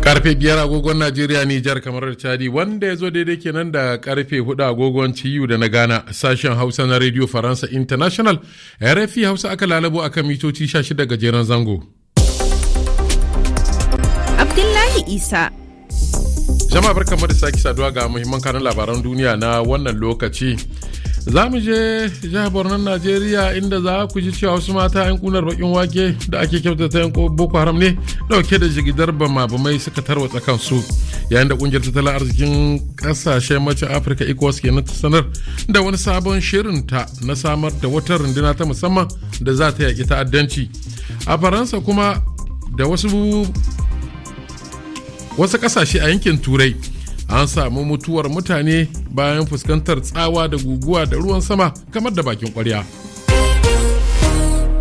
karfe biyar agogon najeriya nijar kamar chadi wanda ya zo daidai kenan da karfe hudu agogon ciyu da na gana sashen hausa na radio faransa international rfi hausa aka lalabo akan mitoci 16 gajeren zango abdullahi isa Jama'a barkanmu da sake saduwa ga muhimman kanun labaran duniya na wannan lokaci. Za mu je jihar Borno Najeriya inda za ku ji cewa wasu mata 'yan kunar bakin wake da ake kyautata 'yan Boko Haram ne dauke da jigidar bama bamai suka tarwatsa su Yayin da kungiyar tattalin arzikin kasashen mace Afirka ECOWAS ke sanar da wani sabon shirinta na samar da wata runduna ta musamman da za ta yaƙi ta'addanci. A Faransa kuma da wasu wasu ƙasashe a yankin turai an samu mutuwar mutane bayan fuskantar tsawa da guguwa da ruwan sama kamar da bakin kwarya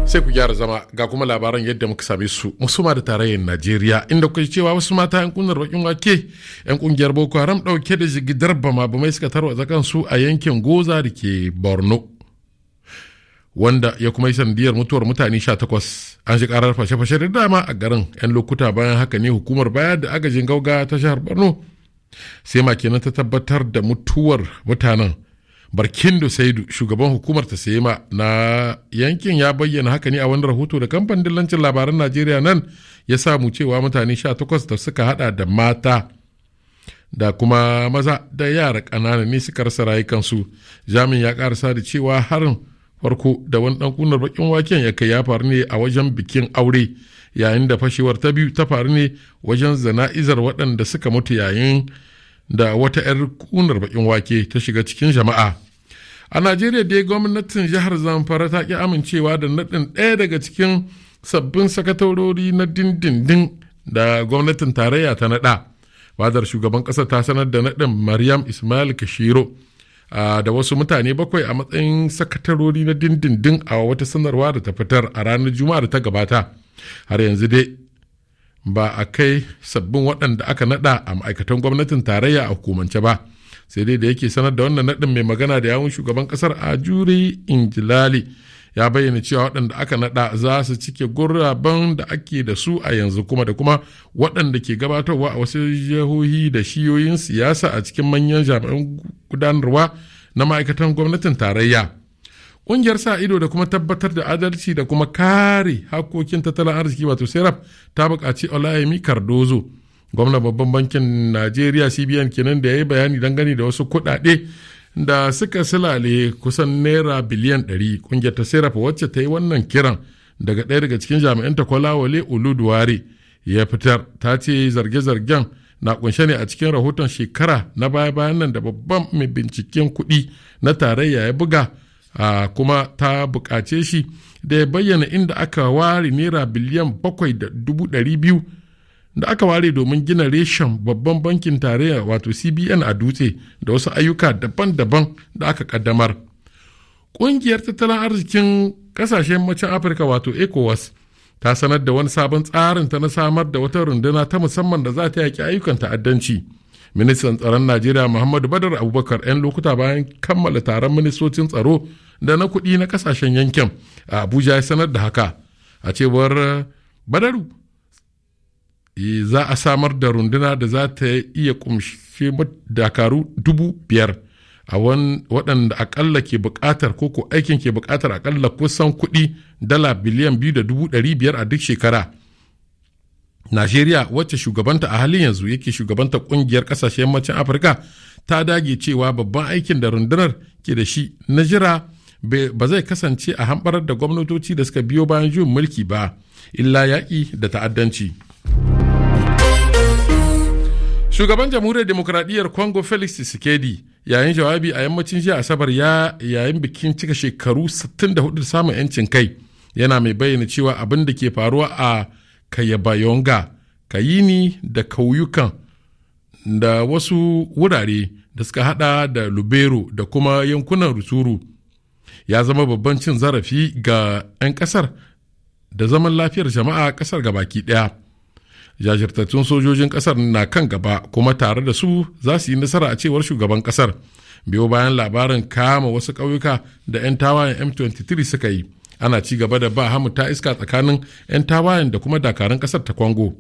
sai ku gyara zama ga kuma labaran yadda muka same su musuma da tarayyar najeriya inda kuka cewa wasu mata yan kunar bakin wake yan kungiyar boko haram dauke da jigidar bama bamai suka tarwatsa kansu a yankin goza da ke borno wanda ya kuma yi sanadiyar mutuwar mutane 18 an shi karar fashe-fashe da dama a garin 'yan lokuta bayan haka ne hukumar baya da agajin gauga ta shahar borno sai kenan ta tabbatar da mutuwar mutanen barkindo saidu shugaban hukumar ta sema na yankin ya bayyana haka ne a wani rahoto da kamfanin dillancin labaran najeriya nan ya samu cewa mutane 18 da suka hada da mata da kuma maza da yara ƙanana ne suka rasa rayukansu jamin ya karasa da cewa harin farko da wani dan kunar bakin waken ya kai ya faru ne a wajen bikin aure yayin da fashewar ta biyu ta faru ne wajen zana'izar waɗanda suka mutu yayin da wata 'yar kunar bakin wake ta shiga cikin jama'a a najeriya dai gwamnatin jihar zamfara ta ki amincewa da naɗin ɗaya daga cikin sabbin sakatarori na dindindin da gwamnatin tarayya ta naɗa fadar shugaban ƙasa ta sanar da naɗin maryam ismail kashiro da wasu mutane bakwai a matsayin sakatarori na dindindin a wata sanarwa da ta fitar a ranar juma'a da ta gabata har yanzu dai ba a kai sabbin waɗanda aka naɗa a ma'aikatan gwamnatin tarayya a hukumance ba sai dai da yake sanar da wannan naɗin mai magana da yawun shugaban kasar a jure injilali ya bayyana cewa waɗanda aka naɗa za su cike guraben da ake da su a yanzu kuma da kuma waɗanda ke gabatarwa a wasu jihohi da shiyoyin siyasa a cikin manyan jami'an gudanarwa na ma'aikatan gwamnatin tarayya ƙungiyar sa ido da kuma tabbatar da adalci da kuma kare hakokin tattalin arziki wato serap ta buƙaci olayemi cardozo gwamnan babban bankin najeriya cbn kenan da ya yi bayani dangane da wasu kuɗaɗe da suka silale kusan naira biliyan ɗari ƙungiyar ta fa wacce ta yi wannan kiran daga ɗaya daga cikin jami'an jami'anta kwalawale uluduware ya fitar ta ce zarge-zargen na kunshe ne a cikin rahoton shekara na baya-bayan nan da babban mai binciken kuɗi na tarayya ya buga a kuma ta buƙace shi da ya bayyana inda aka ware naira biliyan bakwai da dubu ɗari biyu da aka ware domin gina reshen babban bankin tarayya wato cbn a dutse da wasu ayyuka daban-daban da aka kaddamar ƙungiyar tattalin arzikin ƙasashen macen afirka wato ecowas ta sanar da wani sabon tsarin ta na samar da wata runduna ta musamman da za ta yaƙi ayyukan ta'addanci ministan tsaron najeriya muhammadu badar abubakar 'yan lokuta bayan kammala taron ministocin tsaro da na kuɗi na ƙasashen yankin a abuja ya sanar da haka a cewar badaru E, za a samar da runduna da za ta iya kumshe dakaru dubu biyar a waɗanda akalla ke buƙatar ko ko aikin ke buƙatar akalla kusan kuɗi dala biliyan biyu da dubu ɗari biyar a duk shekara najeriya wacce shugabanta a halin yanzu yake shugabanta ƙungiyar ƙasashen yammacin afirka ta dage cewa babban aikin da rundunar ke da shi na jira ba zai kasance a hamɓarar da gwamnatoci da suka biyo bayan juyin mulki ba illa yaƙi da ta'addanci. shugaban jamhuriyar demokradiyyar congo felix tshisekedi yayin jawabi a yammacin jiya asabar ya yayin bikin cika shekaru 64 da samun yancin kai yana mai bayyana cewa abin da ke faruwa a kayabayonga kayini da kauyukan da wasu wurare da suka hada da lubero da kuma yankunan rusuru ya zama babban cin zarafi ga 'yan kasar da zaman lafiyar jama'a kasar gabaki daya jajirtattun sojojin kasar na kan gaba kuma tare da su za su yi nasara a cewar shugaban kasar biyo bayan labarin kama wasu ƙauyuka da 'yan tawayen m23 suka yi ana ci gaba da ba hamu ta iska tsakanin 'yan tawayen da kuma dakarun kasar ta kwango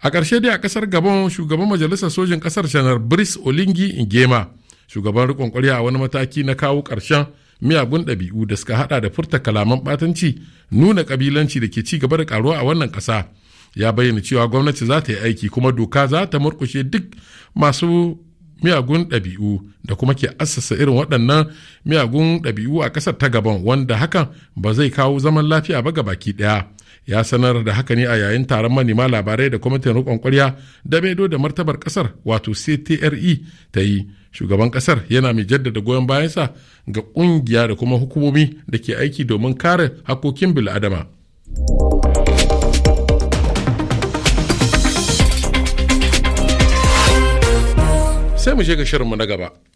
a ƙarshe dai a kasar gabon shugaban majalisar sojin kasar janar bris olingi ingema shugaban riƙon ƙwarya a wani mataki na kawo ƙarshen miyagun ɗabi'u da suka haɗa da furta kalaman ɓatanci nuna ƙabilanci da ke ci gaba da ƙaruwa a wannan ƙasa ya bayyana cewa gwamnati za ta yi aiki kuma doka za ta murkushe duk masu miyagun ɗabi'u da kuma ke assasa irin waɗannan miyagun ɗabi'u a ƙasar ta gaban wanda hakan ba zai kawo zaman lafiya ba ga baki ɗaya ya sanar da haka ne a yayin taron manema labarai da kwamitin riƙon ƙwarya da maido da martabar ƙasar wato ctre ta yi shugaban ƙasar yana mai jaddada goyon bayansa ga ƙungiya da kuma hukumomi da ke aiki domin kare hakokin bil'adama. sai mu je ga shirinmu na gaba.